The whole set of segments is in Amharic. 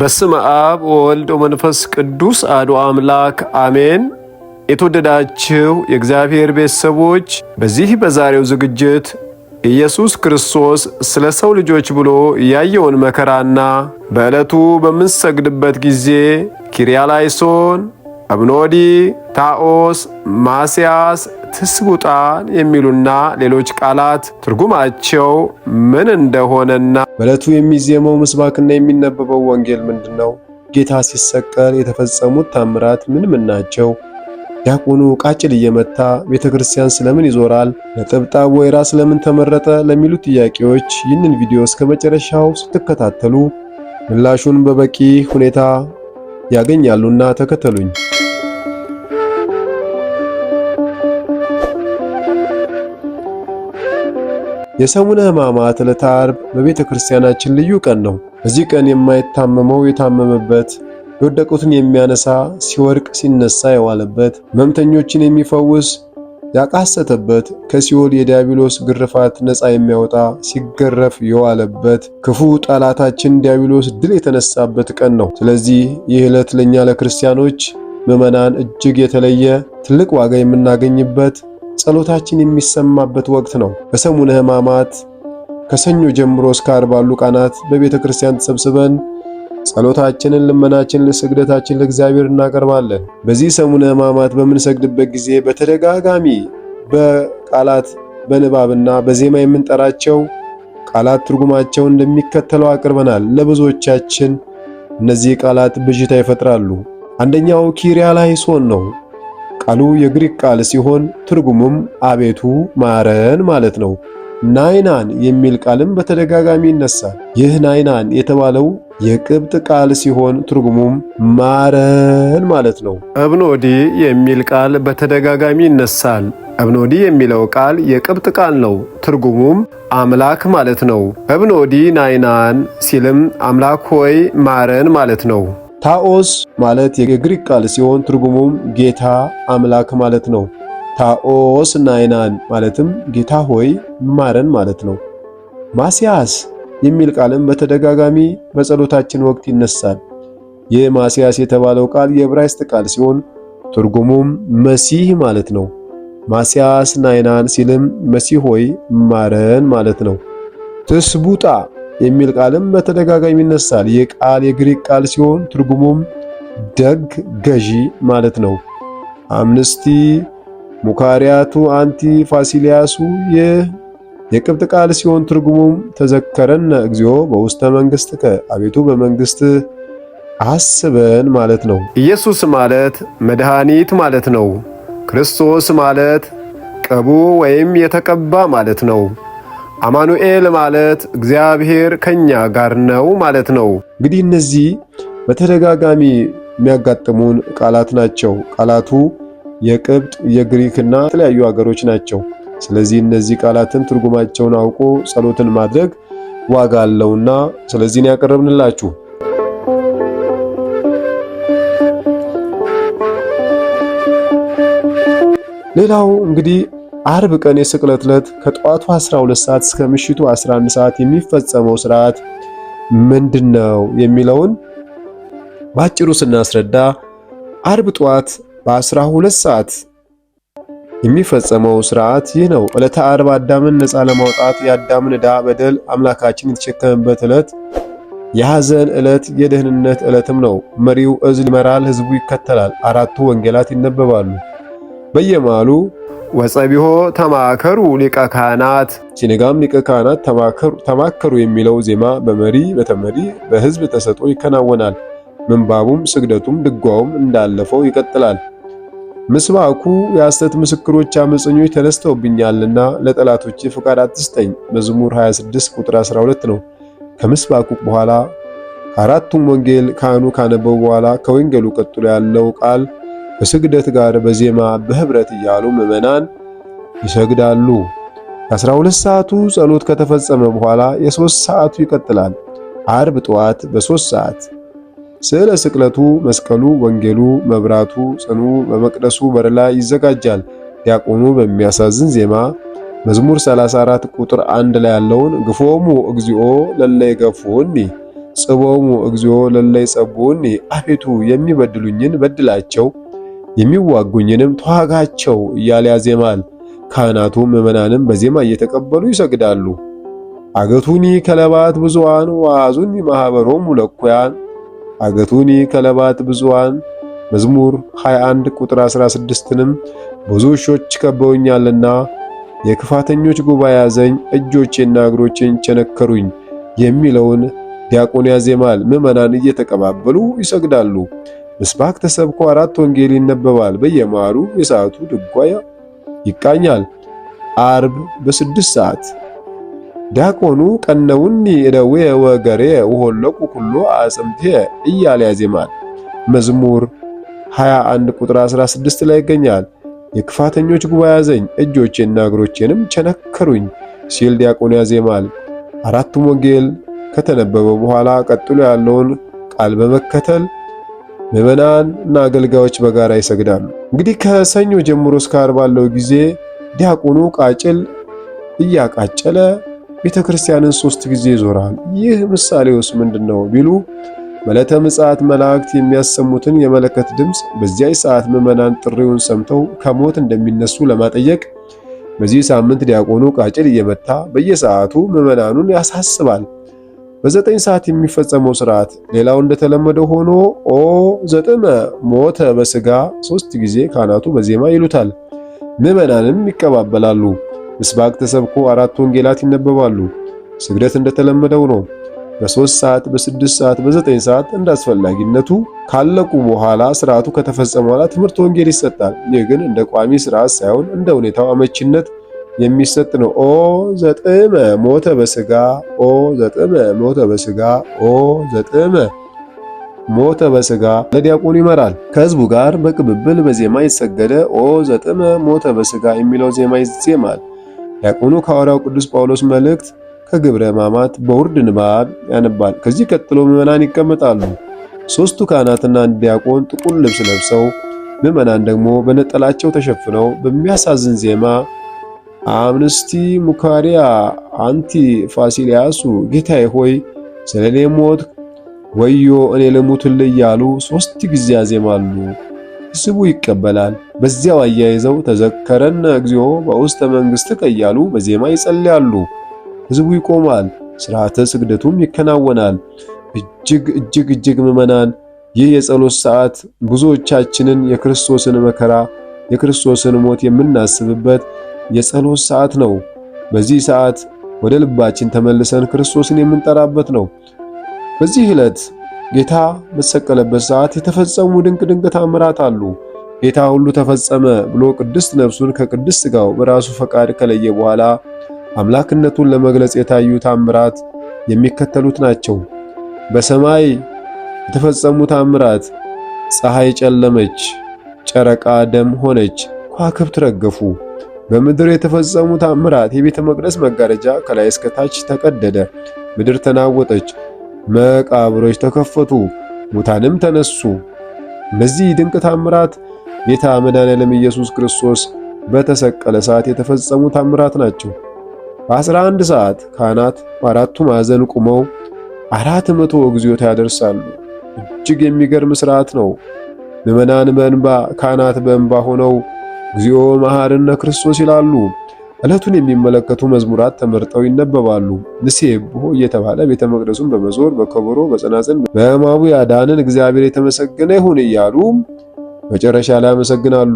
በስም አብ ወወልድ ወመንፈስ ቅዱስ አዱ አምላክ አሜን። የተወደዳችሁ የእግዚአብሔር ቤተሰቦች በዚህ በዛሬው ዝግጅት ኢየሱስ ክርስቶስ ስለ ሰው ልጆች ብሎ ያየውን መከራና በዕለቱ በምንሰግድበት ጊዜ ኪርያላይሶን፣ አብኖዲ፣ ታኦስ፣ ማስያስ፣ ትስቡጣን የሚሉና ሌሎች ቃላት ትርጉማቸው ምን እንደሆነና በዕለቱ የሚዜመው ምስባክና የሚነበበው ወንጌል ምንድን ነው? ጌታ ሲሰቀል የተፈጸሙት ታምራት ምን ምን ናቸው? ዲያቆኑ ቃጭል እየመታ ቤተ ክርስቲያን ስለምን ይዞራል? ነጠብጣብ ወይራ ስለምን ተመረጠ? ለሚሉ ጥያቄዎች ይህንን ቪዲዮ እስከ መጨረሻው ስትከታተሉ ምላሹን በበቂ ሁኔታ ያገኛሉና ተከተሉኝ። የሰሙነ ሕማማት ዕለተ ዓርብ በቤተ ክርስቲያናችን ልዩ ቀን ነው። በዚህ ቀን የማይታመመው የታመመበት፣ የወደቁትን የሚያነሳ፣ ሲወድቅ ሲነሳ የዋለበት፣ ሕመምተኞችን የሚፈውስ፣ ያቃሰተበት፣ ከሲኦል የዲያብሎስ ግርፋት ነፃ የሚያወጣ፣ ሲገረፍ የዋለበት፣ ክፉ ጠላታችን ዲያብሎስ ድል የተነሳበት ቀን ነው። ስለዚህ ይህ ዕለት ለእኛ ለክርስቲያኖች ምዕመናን እጅግ የተለየ ትልቅ ዋጋ የምናገኝበት ጸሎታችን የሚሰማበት ወቅት ነው። በሰሙነ ሕማማት ከሰኞ ጀምሮ እስከ ዓርብ ባሉ ቀናት በቤተ ክርስቲያን ተሰብስበን ጸሎታችንን፣ ልመናችንን፣ ስግደታችን ለእግዚአብሔር እናቀርባለን። በዚህ ሰሙነ ሕማማት በምንሰግድበት ጊዜ በተደጋጋሚ በቃላት በንባብና በዜማ የምንጠራቸው ቃላት ትርጉማቸውን እንደሚከተለው አቅርበናል። ለብዙዎቻችን እነዚህ ቃላት ብዥታ ይፈጥራሉ። አንደኛው ኪሪያ ላይሶን ነው። ቃሉ የግሪክ ቃል ሲሆን ትርጉሙም አቤቱ ማረን ማለት ነው። ናይናን የሚል ቃልም በተደጋጋሚ ይነሳል። ይህ ናይናን የተባለው የቅብጥ ቃል ሲሆን ትርጉሙም ማረን ማለት ነው። እብኖዲ የሚል ቃል በተደጋጋሚ ይነሳል። እብኖዲ የሚለው ቃል የቅብጥ ቃል ነው። ትርጉሙም አምላክ ማለት ነው። እብኖዲ ናይናን ሲልም አምላክ ሆይ ማረን ማለት ነው። ታኦስ ማለት የግሪክ ቃል ሲሆን ትርጉሙም ጌታ አምላክ ማለት ነው። ታኦስ ናይናን ማለትም ጌታ ሆይ ማረን ማለት ነው። ማስያስ የሚል ቃልም በተደጋጋሚ በጸሎታችን ወቅት ይነሳል። ይህ ማስያስ የተባለው ቃል የዕብራይስጥ ቃል ሲሆን ትርጉሙም መሲህ ማለት ነው። ማስያስ ናይናን ሲልም መሲህ ሆይ ማረን ማለት ነው። ትስቡጣ የሚል ቃልም በተደጋጋሚ ይነሳል። ይህ ቃል የግሪክ ቃል ሲሆን ትርጉሙም ደግ ገዢ ማለት ነው። አምንስቲ፣ ሙካሪያቱ፣ አንቲ፣ ፋሲሊያሱ ይህ የቅብጥ ቃል ሲሆን ትርጉሙም ተዘከረን እግዚኦ በውስተ መንግሥትከ አቤቱ በመንግስት አስበን ማለት ነው። ኢየሱስ ማለት መድኃኒት ማለት ነው። ክርስቶስ ማለት ቀቡ ወይም የተቀባ ማለት ነው። አማኑኤል ማለት እግዚአብሔር ከኛ ጋር ነው ማለት ነው። እንግዲህ እነዚህ በተደጋጋሚ የሚያጋጥሙን ቃላት ናቸው። ቃላቱ የቅብጥ የግሪክና የተለያዩ ሀገሮች ናቸው። ስለዚህ እነዚህ ቃላትን ትርጉማቸውን አውቆ ጸሎትን ማድረግ ዋጋ አለውና ስለዚህን ያቀረብንላችሁ ሌላው እንግዲህ አርብ ቀን የስቅለት ዕለት ከጠዋቱ 12 ሰዓት እስከ ምሽቱ 11 ሰዓት የሚፈጸመው ስርዓት ምንድን ነው የሚለውን ባጭሩ ስናስረዳ አርብ ጠዋት በ12 ሰዓት የሚፈጸመው ስርዓት ይህ ነው። ዕለተ አርብ አዳምን ነፃ ለማውጣት የአዳምን ዕዳ በደል አምላካችን የተሸከመበት ዕለት፣ የሐዘን ዕለት፣ የደህንነት ዕለትም ነው። መሪው እዝ ይመራል፣ ህዝቡ ይከተላል፣ አራቱ ወንጌላት ይነበባሉ። በየማሉ ወጸቢሆ ተማከሩ ሊቀ ካህናት ሲነጋም ሊቀ ካህናት ተማከሩ የሚለው ዜማ በመሪ በተመሪ በህዝብ ተሰጦ ይከናወናል። ምንባቡም ስግደቱም ድጓውም እንዳለፈው ይቀጥላል። ምስባኩ የሐሰት ምስክሮች አመፀኞች ተነስተውብኛልና ለጠላቶች ፍቃድ አትስጠኝ መዝሙር 26 ቁጥር 12 ነው። ከምስባኩ በኋላ ከአራቱም ወንጌል ካህኑ ካነበው በኋላ ከወንጌሉ ቀጥሎ ያለው ቃል ከስግደት ጋር በዜማ በህብረት እያሉ ምዕመናን ይሰግዳሉ። ከ12 ሰዓቱ ጸሎት ከተፈጸመ በኋላ የሶስት ሰዓቱ ይቀጥላል። አርብ ጠዋት በሶስት ሰዓት ስዕለ ስቅለቱ፣ መስቀሉ፣ ወንጌሉ፣ መብራቱ፣ ጽኑ በመቅደሱ በር ላይ ይዘጋጃል። ዲያቆኑ በሚያሳዝን ዜማ መዝሙር 34 ቁጥር 1 ላይ ያለውን ግፎሙ እግዚኦ ለላይ ገፉኒ ጽቦሙ እግዚኦ ለላይ ጸቡኒ አቤቱ የሚበድሉኝን በድላቸው የሚዋጉኝንም ተዋጋቸው እያለ ያዜማል። ካህናቱ ምዕመናንም በዜማ እየተቀበሉ ይሰግዳሉ። አገቱኒ ከለባት ብዙዋን ወአዙኒ ማኅበሮሙ ለኩያን አገቱኒ ከለባት ብዙዋን መዝሙር 21 ቁጥር 16ንም ብዙ ውሾች ከበውኛልና የክፋተኞች ጉባኤ ያዘኝ፣ እጆቼና እግሮቼን ቸነከሩኝ የሚለውን ዲያቆን ያዜማል። ምዕመናን እየተቀባበሉ ይሰግዳሉ። ምስባክ ተሰብኮ አራት ወንጌል ይነበባል። በየማሩ የሰዓቱ ድጓ ይቃኛል። አርብ በስድስት ሰዓት ዲያቆኑ ቀነውኒ እደዌ ወገሬ ወሆለቁ ኩሎ አጽምቴ እያለ ያዜማል። መዝሙር 21 ቁጥር 16 ላይ ይገኛል። የክፋተኞች ጉባኤ ያዘኝ እጆቼና እግሮቼንም ቸነከሩኝ ሲል ዲያቆኑ ያዜማል። አራቱም ወንጌል ከተነበበ በኋላ ቀጥሎ ያለውን ቃል በመከተል ምዕመናን እና አገልጋዮች በጋራ ይሰግዳሉ። እንግዲህ ከሰኞ ጀምሮ እስከ ዓርብ ባለው ጊዜ ዲያቆኑ ቃጭል እያቃጨለ ቤተ ክርስቲያንን ሶስት ጊዜ ይዞራል። ይህ ምሳሌውስ ምንድነው ቢሉ በዕለተ ምጽአት መላእክት የሚያሰሙትን የመለከት ድምፅ በዚያ ሰዓት ምዕመናን ጥሪውን ሰምተው ከሞት እንደሚነሱ ለማጠየቅ በዚህ ሳምንት ዲያቆኑ ቃጭል እየመታ በየሰዓቱ ምዕመናኑን ያሳስባል። በዘጠኝ ሰዓት የሚፈጸመው ስርዓት ሌላው እንደተለመደው ሆኖ ኦ ዘጥመ ሞተ በስጋ ሶስት ጊዜ ካህናቱ በዜማ ይሉታል። ምዕመናንም ይቀባበላሉ። ምስባክ ተሰብኮ አራት ወንጌላት ይነበባሉ። ስግደት እንደተለመደው ነው። በሶስት ሰዓት፣ በስድስት ሰዓት፣ በዘጠኝ ሰዓት እንዳስፈላጊነቱ ካለቁ በኋላ ስርዓቱ ከተፈጸመ በኋላ ትምህርት ወንጌል ይሰጣል። ይህ ግን እንደ ቋሚ ስርዓት ሳይሆን እንደ ሁኔታው አመቺነት የሚሰጥ ነው። ኦ ዘጥመ ሞተ በስጋ ኦ ዘጥመ ሞተ በስጋ ኦ ዘጥመ ሞተ በስጋ ለዲያቆኑ ይመራል። ከህዝቡ ጋር በቅብብል በዜማ የተሰገደ ኦ ዘጥመ ሞተ በስጋ የሚለው ዜማ ይዜማል። ዲያቆኑ ከሐዋርያው ቅዱስ ጳውሎስ መልእክት ከግብረ ሕማማት በውርድ ንባብ ያነባል። ከዚህ ቀጥሎ ምዕመናን ይቀመጣሉ። ሦስቱ ካህናትና አንድ ዲያቆን ጥቁር ልብስ ለብሰው፣ ምዕመናን ደግሞ በነጠላቸው ተሸፍነው በሚያሳዝን ዜማ አምንስቲ ሙካሪያ አንቲ ፋሲሊያሱ ጌታዬ ሆይ ስለ እኔ ሞት ወዮ እኔ ልሙትልህ እያሉ ሶስት ጊዜ ያዜማሉ። ህዝቡ ይቀበላል። በዚያው አያይዘው ተዘከረነ እግዚኦ በውስተ መንግሥትከ እያሉ በዜማ ይጸልያሉ። ህዝቡ ይቆማል፣ ስርዓተ ስግደቱም ይከናወናል። እጅግ እጅግ እጅግ ምዕመናን፣ ይህ የጸሎት ሰዓት ብዙዎቻችንን የክርስቶስን መከራ የክርስቶስን ሞት የምናስብበት የጸሎት ሰዓት ነው። በዚህ ሰዓት ወደ ልባችን ተመልሰን ክርስቶስን የምንጠራበት ነው። በዚህ ዕለት ጌታ በተሰቀለበት ሰዓት የተፈጸሙ ድንቅ ድንቅ ታምራት አሉ። ጌታ ሁሉ ተፈጸመ ብሎ ቅድስት ነፍሱን ከቅድስት ሥጋው በራሱ ፈቃድ ከለየ በኋላ አምላክነቱን ለመግለጽ የታዩ ታምራት የሚከተሉት ናቸው። በሰማይ የተፈጸሙ ታምራት፣ ፀሐይ ጨለመች፣ ጨረቃ ደም ሆነች፣ ከዋክብት ረገፉ። በምድር የተፈጸሙ ታምራት። የቤተ መቅደስ መጋረጃ ከላይ እስከ ታች ተቀደደ። ምድር ተናወጠች፣ መቃብሮች ተከፈቱ፣ ሙታንም ተነሱ። እነዚህ ድንቅ ታምራት ጌታ መድኃኔዓለም ኢየሱስ ክርስቶስ በተሰቀለ ሰዓት የተፈጸሙ ታምራት ናቸው። በአስራ አንድ ሰዓት ካህናት በአራቱ ማዕዘን ቁመው አራት መቶ እግዚኦታ ያደርሳሉ። እጅግ የሚገርም ሥርዓት ነው። ምዕመናን በእንባ ካህናት በእንባ ሆነው እግዚኦ መሐረነ ክርስቶስ ይላሉ። ዕለቱን የሚመለከቱ መዝሙራት ተመርጠው ይነበባሉ። ንሴ ብሖ እየተባለ ቤተ መቅደሱን በመዞር በከበሮ በጸናጽል በማቡ ያዳንን እግዚአብሔር የተመሰገነ ይሁን እያሉ መጨረሻ ላይ ያመሰግናሉ።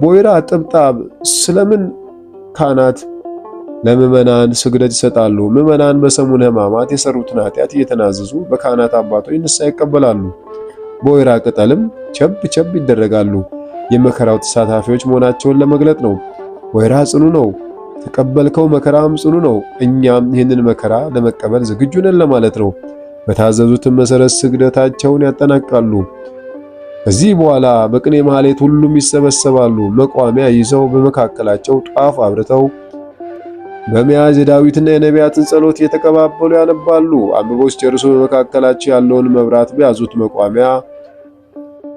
በወይራ ጥብጣብ ስለምን ካህናት ለምዕመናን ስግደት ይሰጣሉ? ምዕመናን በሰሙን ሕማማት የሰሩትን ኃጢአት እየተናዘዙ በካህናት አባቶች ንስሐ ይቀበላሉ። በወይራ ቅጠልም ቸብ ቸብ ይደረጋሉ። የመከራው ተሳታፊዎች መሆናቸውን ለመግለጥ ነው። ወይራ ጽኑ ነው፣ ተቀበልከው መከራም ጽኑ ነው። እኛም ይህንን መከራ ለመቀበል ዝግጁ ነን ለማለት ነው። በታዘዙትም መሰረት ስግደታቸውን ያጠናቃሉ። ከዚህ በኋላ በቅኔ ማህሌት ሁሉም ይሰበሰባሉ። መቋሚያ ይዘው በመካከላቸው ጧፍ አብርተው በመያዝ የዳዊትና የነቢያትን ጸሎት እየተቀባበሉ ያነባሉ። አንብቦች ጨርሶ በመካከላቸው ያለውን መብራት በያዙት መቋሚያ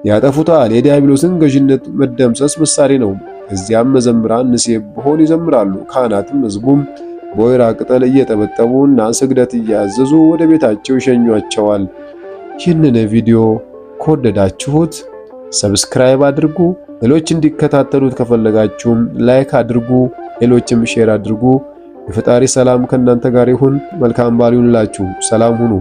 ያጠፉታል። የዲያብሎስን ገዥነት መደምሰስ ምሳሌ ነው። እዚያም መዘምራን ንሴ በሆን ይዘምራሉ። ካህናትም ሕዝቡም በወይራ ቅጠል እየጠበጠቡ እና ስግደት እያዘዙ ወደ ቤታቸው ይሸኟቸዋል። ይህንን ቪዲዮ ከወደዳችሁት ሰብስክራይብ አድርጉ። ሌሎች እንዲከታተሉት ከፈለጋችሁም ላይክ አድርጉ። ሌሎችም ሼር አድርጉ። የፈጣሪ ሰላም ከእናንተ ጋር ይሁን። መልካም በዓል ይሁንላችሁ። ሰላም ሁኑ።